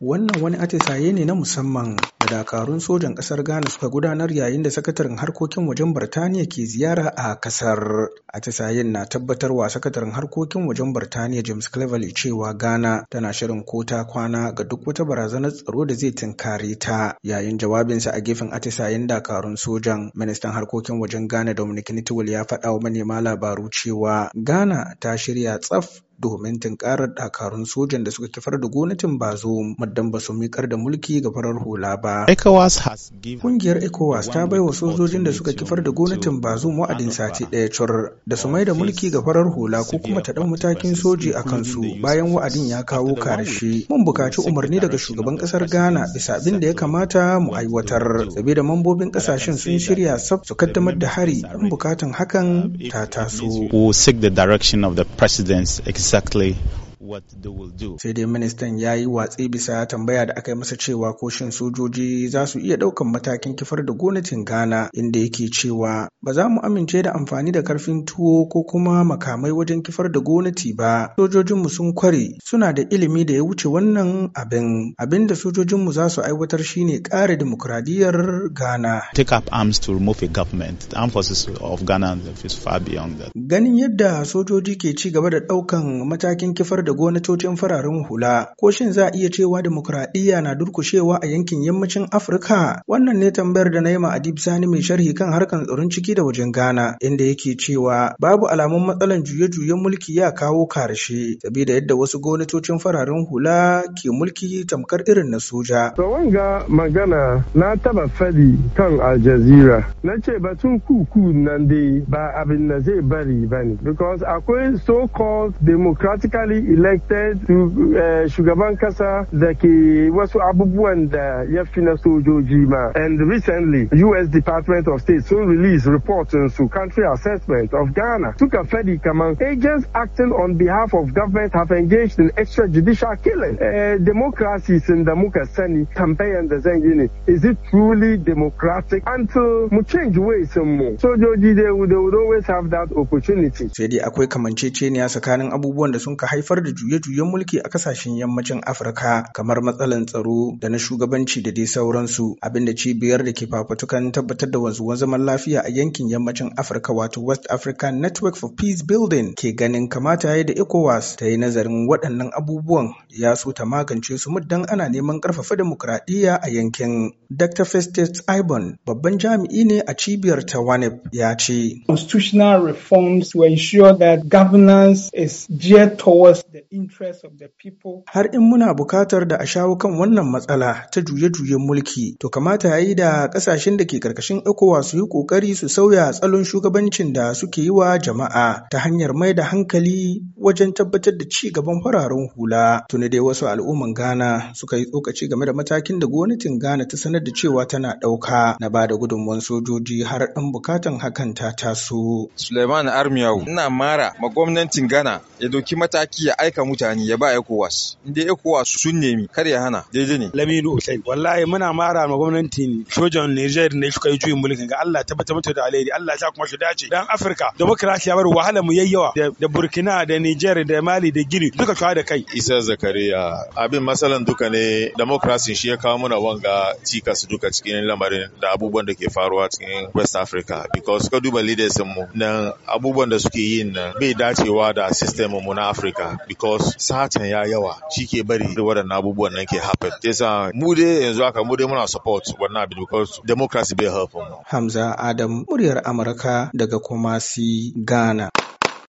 Wannan wani atisaye ne na musamman da dakarun sojan ƙasar Ghana suka gudanar yayin da sakataren harkokin wajen Birtaniya ke ziyara a ƙasar. Atisayen na tabbatarwa sakataren harkokin wajen Birtaniya James Cleverly cewa Ghana tana shirin ko ta kwana ga duk wata barazanar tsaro da zai tunkare ta. Yayin jawabinsa a gefen atisayen dakarun sojan, ministan harkokin wajen Ghana Dominic Nitiwil ya faɗa wa manema labaru cewa Ghana ta shirya tsaf domin tunkarar dakarun sojan da suka kifar da gonatin bazo maddan ba su mikar da mulki ga farar hula ba. Kungiyar ECOWAS ta bai wa sojojin da suka kifar da gonatin bazo wa'adin sati ɗaya cur da su mai da mulki ga farar hula ko kuma ta dan matakin soji a kansu bayan wa'adin ya kawo karshe. Mun bukaci umarni daga shugaban ƙasar Ghana bisa abin da ya kamata mu aiwatar saboda mambobin ƙasashen sun shirya sab su kaddamar da hari mun bukatan hakan ta taso. We seek the direction of the president's exactly what they will do. Sai dai ministan ya yi watsi bisa tambaya da aka yi masa cewa ko shin sojoji za su iya ɗaukan matakin kifar da gonatin Ghana inda yake cewa ba za mu amince da amfani da karfin tuwo ko kuma makamai wajen kifar da gonati ba. Sojojinmu sun kware suna da ilimi da ya wuce wannan abin. Abin da sojojinmu za su aiwatar shine kare dimokuraɗiyyar Ghana. Take up arms to remove a government. The armed forces of Ghana is far beyond that. Ganin yadda sojoji ke ci gaba da ɗaukan matakin kifar da gwamnatocin fararen hula ko shin za a iya cewa demokuraɗiyya na durkushewa a yankin yammacin afirka wannan ne tambayar da na yi ma adib sani mai sharhi kan harkan tsaron ciki da wajen ghana inda yake cewa babu alamun matsalan juye-juyen mulki ya kawo karshe sabida yadda wasu gwamnatocin fararen hula ke mulki tamkar irin na soja. to wanga magana na taba fadi kan aljazira na ce batun kuku nan dai ba abin da zai bari ba ne because akwai so-called democratically elected elected eh, shugaban kasa da ke wasu abubuwan da ya fi na sojoji ma. And recently, U.S. Department of State sun release report su country assessment of Ghana suka fadi kaman agents acting on behalf of government have engaged in extrajudicial killing. Eh, democracy sun da muka sani tambayan da zan yi ne, is it truly democratic until mu change ways mu. Sojoji dai they would always have that opportunity. Sai dai akwai kamanceceniya tsakanin abubuwan da sun ka haifar da juye-juyen mulki a kasashen yammacin Afirka kamar matsalan tsaro da na shugabanci da dai sauransu abinda cibiyar da ke fafatukan tabbatar da wanzuwan zaman lafiya a yankin yammacin Afirka wato West African Network for Peace Building ke ganin kamata ya da ECOWAS ta yi nazarin waɗannan abubuwan ya so ta magance su muddan ana neman ƙarfafa dimokuraɗiyya a yankin. Dr. Festus Ibon babban jami'i ne a cibiyar ta WANEP ya ce. Constitutional reforms to ensure that governance is geared towards the Har in muna bukatar da a shawo kan wannan matsala ta juye-juyen mulki, to kamata ya yi da kasashen da ke karkashin ECOWAS su yi kokari su sauya tsalon shugabancin da suke yi wa jama'a ta hanyar mai da hankali wajen tabbatar da ci gaban fararen hula. Tuni dai wasu al'umman Ghana suka yi tsokaci game da matakin da gwamnatin Ghana ta sanar da cewa tana ɗauka na ba da gudunmuwan sojoji har ɗan bukatan hakan ta taso. Suleiman Armiyau, ina mara ma gwamnatin Ghana ya doki mataki ya aika saka mutane ya ba ECOWAS inda ECOWAS sun nemi kar ya hana daidai ne Laminu Hussein wallahi muna mara ma gwamnatin sojan Niger ne suka yi juyin mulkin ga Allah tabbata mata da alheri Allah ya sa kuma su dace dan Afirka demokrasiya bar wahala mu yayyawa da Burkina da Niger da Mali da Gini duka shawa da kai Isa Zakariya abin masalan duka ne demokrasin shi ya kawo muna wanga cikas duka cikin lamarin da abubuwan da ke faruwa cikin West Africa because ka duba leaders mu nan abubuwan da suke yin bai dacewa da system mu na Africa because because satan ya yawa shi ke bari waɗannan abubuwan nan ke happen yasa mu dai yanzu haka mu dai muna support wannan abin because democracy bai help mu Hamza Adam muryar Amurka daga Kumasi Ghana